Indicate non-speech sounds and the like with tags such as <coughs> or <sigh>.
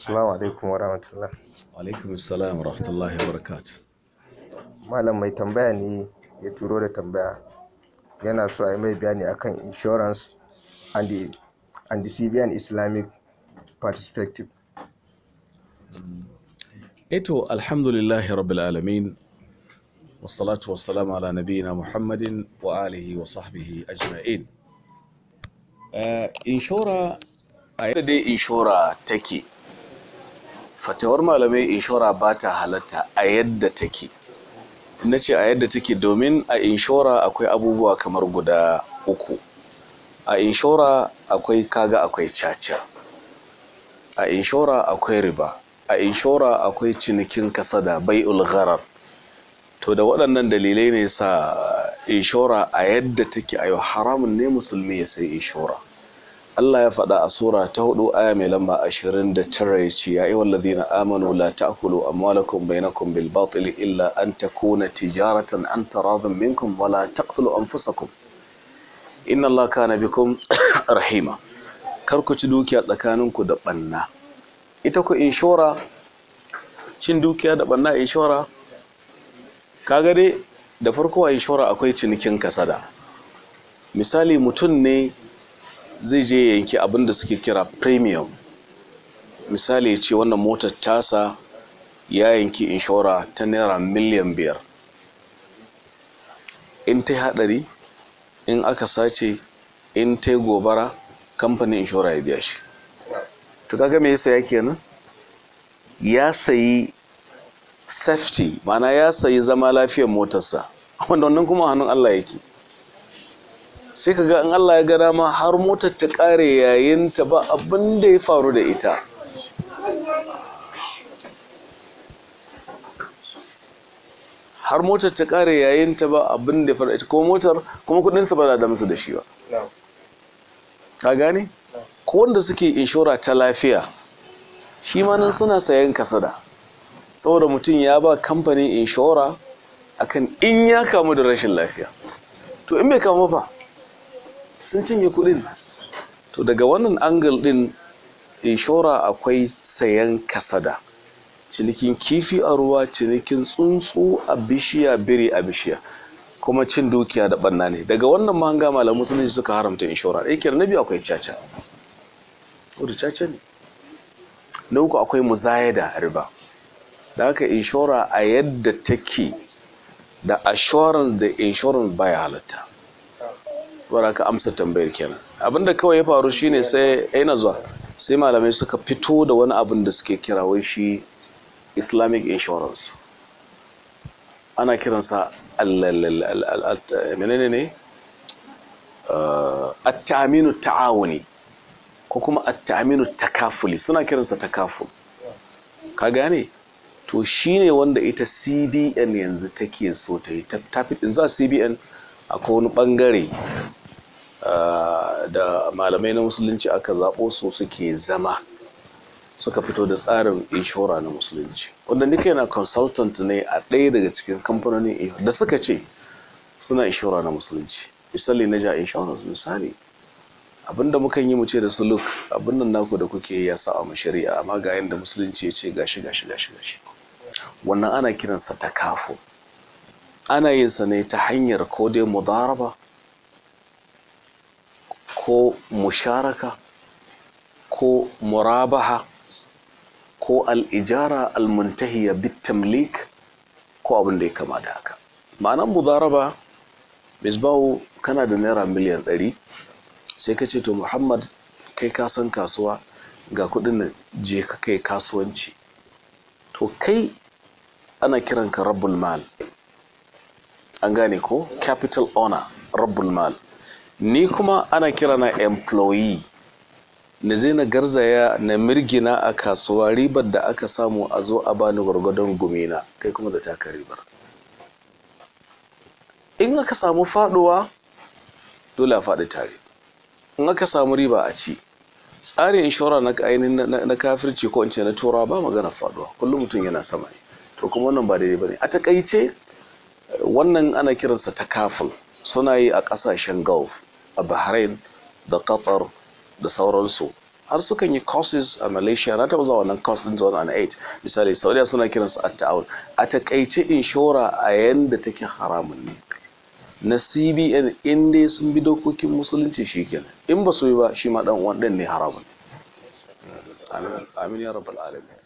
السلام عليكم ورحمة الله وعليكم السلام ورحمة الله وبركاته ما لما يتنبعني يتورو لتنبعه أنا سواء ما يبعني أكن insurance and the, and the Syrian Islamic perspective إتو الحمد لله رب العالمين والصلاة والسلام على نبينا محمد وآله وصحبه أجمعين uh, insurance أي insurance تكي fatawar malamai inshora ba ta halatta a yadda take na ce a yadda take domin a inshora akwai abubuwa kamar guda uku a inshora akwai kaga akwai caca a inshora akwai riba a inshora akwai cinikin kasada bai ulgharar to da waɗannan dalilai ne sa inshora a yadda take a yau haramun ne musulmi ya sai inshora Allah ya faɗa a sura ta hudu aya mai lamba ashirin da tara ya ce ya yi wallazina amanu la ta'kulu amwalakum bainakum bil batil illa an takuna tijaratan an taradun minkum wala taqtulu anfusakum inna Allah kana bikum <coughs> rahima kar ku ci dukiya tsakaninku da banna ita ku inshora cin dukiya da banna inshora kaga dai da farko inshora akwai cinikin kasada misali mutum ne zai je ya yanki abin da suke kira premium misali ya ce wannan motar tasa ya yanki inshora ta naira miliyan biyar in ta haɗari in aka sace in ta gobara kamfanin inshora ya biya shi to kaga me ya saya kenan ya sayi safety mana ya sayi zama lafiyar motarsa wanda wannan kuma hannun Allah yake sai ka ga in Allah ya gana ma har motar ta kare yayin ta ba abin da ya faru da ita har motar ta kare yayin ta ba abin da ya faru da ita ko motar kuma kudinsa ba da musu da shi ba ka gane ko wanda suke inshora ta lafiya shi ma nan suna sayan kasada saboda mutum ya ba kamfanin inshora akan in ya kamu da rashin lafiya to in bai kamu fa sun cinye kuɗin to daga wannan angle ɗin inshora akwai sayan kasada cinikin kifi a ruwa cinikin tsuntsu a bishiya biri a bishiya kuma cin dukiya da banna ne daga wannan mahanga malam musulunci suka haramta inshora ɗaya kira na biyu akwai caca wadda caca ne na uku akwai muzayada riba da haka inshora a yadda take da assurance da insurance baya halatta bara ka amsa tambayar kenan abinda kawai ya faru shine sai aina zuwa sai malamai suka fito da wani abin da suke kira shi islamic insurance ana kiransa menene ne uh, at ta'awuni ko kuma at-ta'aminu takafuli suna kiransa takaful ka gane to shine wanda ita CBN yanzu take so ta yi ta din za CBN akwai wani bangare da malamai na musulunci aka zaɓo su suke zama suka fito da tsarin inshora na musulunci wanda nika yana consultant ne a ɗaya daga cikin kamfanonin da suka ce suna inshora na musulunci misali na ja insurance misali abinda mukan yi mu ce da su look abinda naku da kuke ya sa a shari'a amma ga yanda musulunci ya ce gashi gashi gashi gashi wannan ana kiransa ta kafo ana yin sa ne ta hanyar ko dai mudaraba ko musharaka ko murabaha ko al'ijara almuntahiya bitamlik ko abin da ya kama da haka ma'anan mudaraba misbahu kana da naira miliyan 100 sai ka ce to muhammad kai kasan kasuwa ga kudin da je ka kai kasuwanci to kai ana kiranka rabbul mal an gane ko capital owner rabbul mal ni kuma ana kira na employee na zai na garzaya na mirgina a kasuwa ribar da aka samu a zo a bani gwargwadon gumina kai kuma da taka ribar in aka samu faduwa dole a faɗi tare in aka samu riba a ci tsarin inshora na ainihin na kafirci ko ince na turawa ba magana faduwa kullum mutum yana sama ne to kuma wannan ba daidai bane a takaice wannan ana kiransa ta kafin, suna yi a ƙasashen gulf a bahrain da qatar da sauransu har sukan yi courses a malaysia na taba zuwa wannan course din zuwa na 8 misali saudiya suna kiransu a ta'awun a takaice inshora a yanda take haramun ne na cbn in dai sun bi dokokin musulunci shi kenan in ba su yi ba shi ma dan uwan ne haramun amin ya rabbal alamin